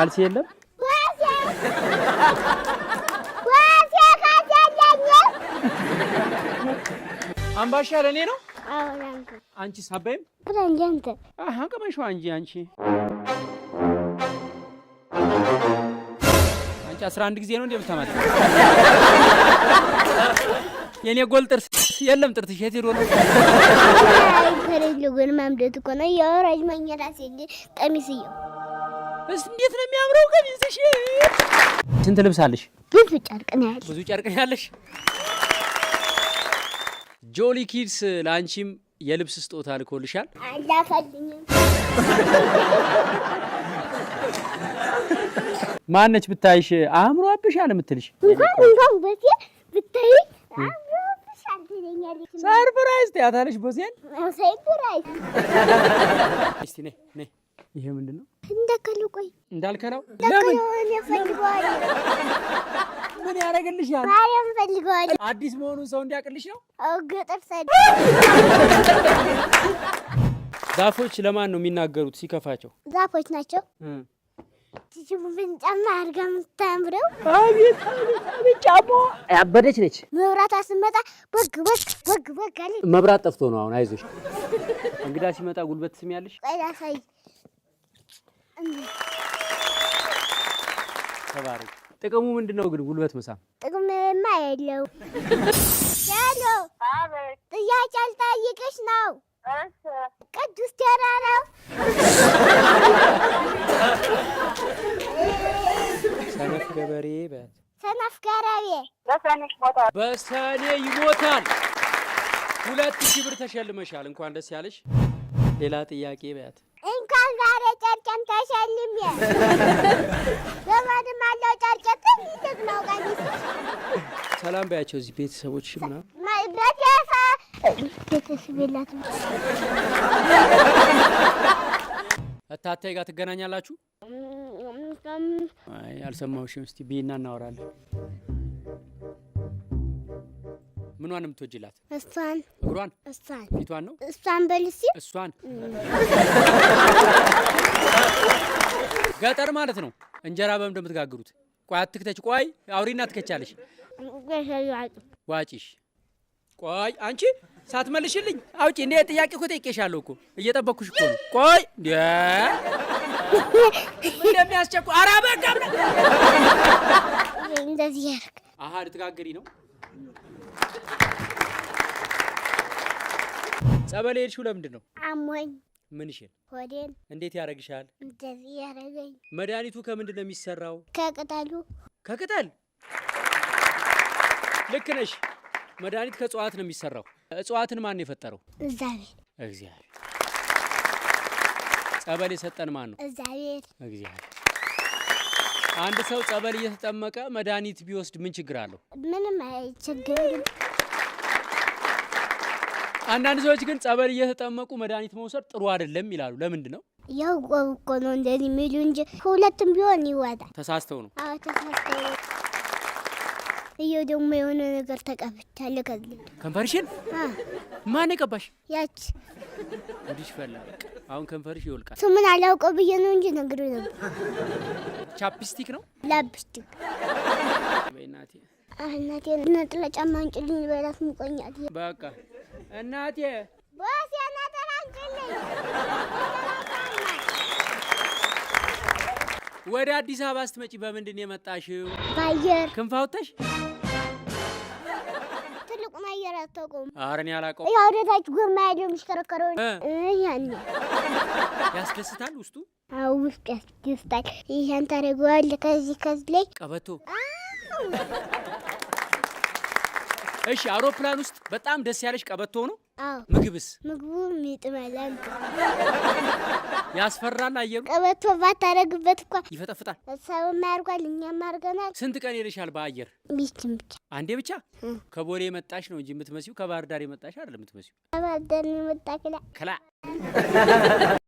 ካልሲ የለም አምባሻ ለእኔ ነው። አንቺ ሳባይም ቀመሿ እንጂ አንቺ አንቺ አስራ አንድ ጊዜ ነው እንዴ እንደምታማት የእኔ ጎል ጥርስ የለም ጥርት ሸት ሄዶ ነው? ፈረጅ ልጎን ማምደት እኮ ነው የወራጅ መኝታ ሴ ቀሚስየው እንዴት ነው የሚያምረው ቀሚስሽ! ስንት ልብሳለሽ? ብዙ ጨርቅ ነው ያለሽ። ብዙ ጨርቅ ነው ያለሽ። ጆሊ ኪድስ ለአንቺም የልብስ ስጦታ ልኮልሻል። አላፈልኝም። ማነች ብታይሽ አእምሮብሻል የምትልሽ? እንኳን እንኳን ቦሴ ብታይ ሰርፕራይዝ ትያታለሽ ቦሴን። ሰርፕራይዝ እስቲ ነይ ነይ ይሄ ምንድን ነው? እንዳልከለው ቆይ እንዳልከለው ለምን ምን ያደርግልሻል? ባሪያም ፈልገዋል። አዲስ መሆኑን ሰው እንዲያቅልሽ ነው። ገጠር ዛፎች ለማን ነው የሚናገሩት ሲከፋቸው? ዛፎች ናቸው። ጫማ አድርጋ የምታምረው ጫማ ያበደች ነች። መብራት ስመጣ በግ በግ በግ በግ አለ። መብራት ጠፍቶ ነው አሁን። አይዞሽ እንግዳ ሲመጣ ጉልበት ትስሚያለሽ። ቆይ ላሳይ ተባረክ። ጥቅሙ ምንድን ነው ግን ጉልበት መሳም? ጥቅምማ የለው። ያሎ ጥያቄ አልጠይቅሽ ነው። ቅዱስ ተራራው ሰነፍ ገበሬ ሰነፍ ገበሬ በሰኔ ይሞታል። ሁለት ሺህ ብር ተሸልመሻል። እንኳን ደስ ያለሽ። ሌላ ጥያቄ በያት ሸልሜ ዘመድም ጨርቄት ነው ቀሚስ። ሰላም በያቸው እዚህ ቤተሰቦች ምናምን ቤተሰብ እታታይ ጋር ትገናኛላችሁ? አልሰማሁሽም። እስኪ ቢና እናወራለን ምኗን የምትወጂላት? እሷን። እግሯን? እሷን። ፊቷን ነው? እሷን በልሲ እሷን። ገጠር ማለት ነው። እንጀራ በምን እንደምትጋግሩት? ቆይ አትክተች። ቆይ አውሪና ትከቻለሽ። ዋጪሽ። ቆይ አንቺ ሳትመልሽልኝ አውጪ። እንዴ ጥያቄ እኮ ጠይቄሻለሁ እኮ እየጠበኩሽ እኮ ነው። ቆይ እንዴ እንደሚያስቸኩ ኧረ በቃ እንደዚህ ያርግ። አሀ ልትጋግሪ ነው ጸበል ሄድሽው ለምንድን ነው? አሞኝ። ምንሽን? ሆዴን። እንዴት ያደርግሻል? እንደዚህ ያደርገኝ። መድኃኒቱ ከምንድን ነው የሚሰራው? ከቅጠሉ። ከቅጠል? ልክ ነሽ። መድኃኒት ከእጽዋት ነው የሚሰራው። እጽዋትን ማን የፈጠረው? እግዚአብሔር። እግዚአብሔር። ጸበል የሰጠን ማን ነው? እግዚአብሔር። እግዚአብሔር አንድ ሰው ጸበል እየተጠመቀ መድኃኒት ቢወስድ ምን ችግር አለው? ምንም ችግር። አንዳንድ ሰዎች ግን ጸበል እየተጠመቁ መድኃኒት መውሰድ ጥሩ አይደለም ይላሉ። ለምንድን ነው? ያው ቆብቆ ነው እንደዚህ የሚሉ እንጂ ሁለቱም ቢሆን ይወጣል። ተሳስተው ነው። አዎ ተሳስተው ነው። እየው ደግሞ የሆነ ነገር ተቀብቻለሁ። ከዚህ ከንፈርሽን ማን የቀባሽ? ያች እንዲሽ ፈላ። አሁን ከንፈርሽ ይወልቃል። ስሙን አላውቀው ብዬ ነው እንጂ ነግሬ ነበር። ቻፕስቲክ ነው ላፕስቲክ። እናቴ እናቴ ነጥላ ጫማ አንጭልኝ በላት ሙቆኛል። በቃ እናቴ ቦስ ያናጠራ አንጭልኝ ወደ አዲስ አበባ ስትመጪ በምንድን የመጣሽው? ባየር ክንፍ ትልቁን አየር አታውቀውም። ኧረ እኔ አላውቀውም። ያው ወደ ታች ጎማ ያለው የሚሽከረከረው ያስደስታል። ውስጡ አዎ፣ ውስጡ ያስደስታል። ይህን ታደርገዋለህ። ከዚህ ከዚህ ላይ ቀበቶ እሺ፣ አውሮፕላን ውስጥ በጣም ደስ ያለሽ ቀበቶ ነው? ምግብስ? ምግቡ ይጥመላል። ያስፈራል። አየሩ ቀበቶ ባታረግበት እኳ ይፈጠፍጣል። ሰው ማርጓል፣ እኛ ማርገናል። ስንት ቀን ሄደሻል በአየር? ሚስትን ብቻ አንዴ ብቻ። ከቦሌ የመጣሽ ነው እንጂ የምትመሲው ከባህር ዳር የመጣሽ አይደለም የምትመሲው። ከባህር ዳር የመጣ ክላ ክላ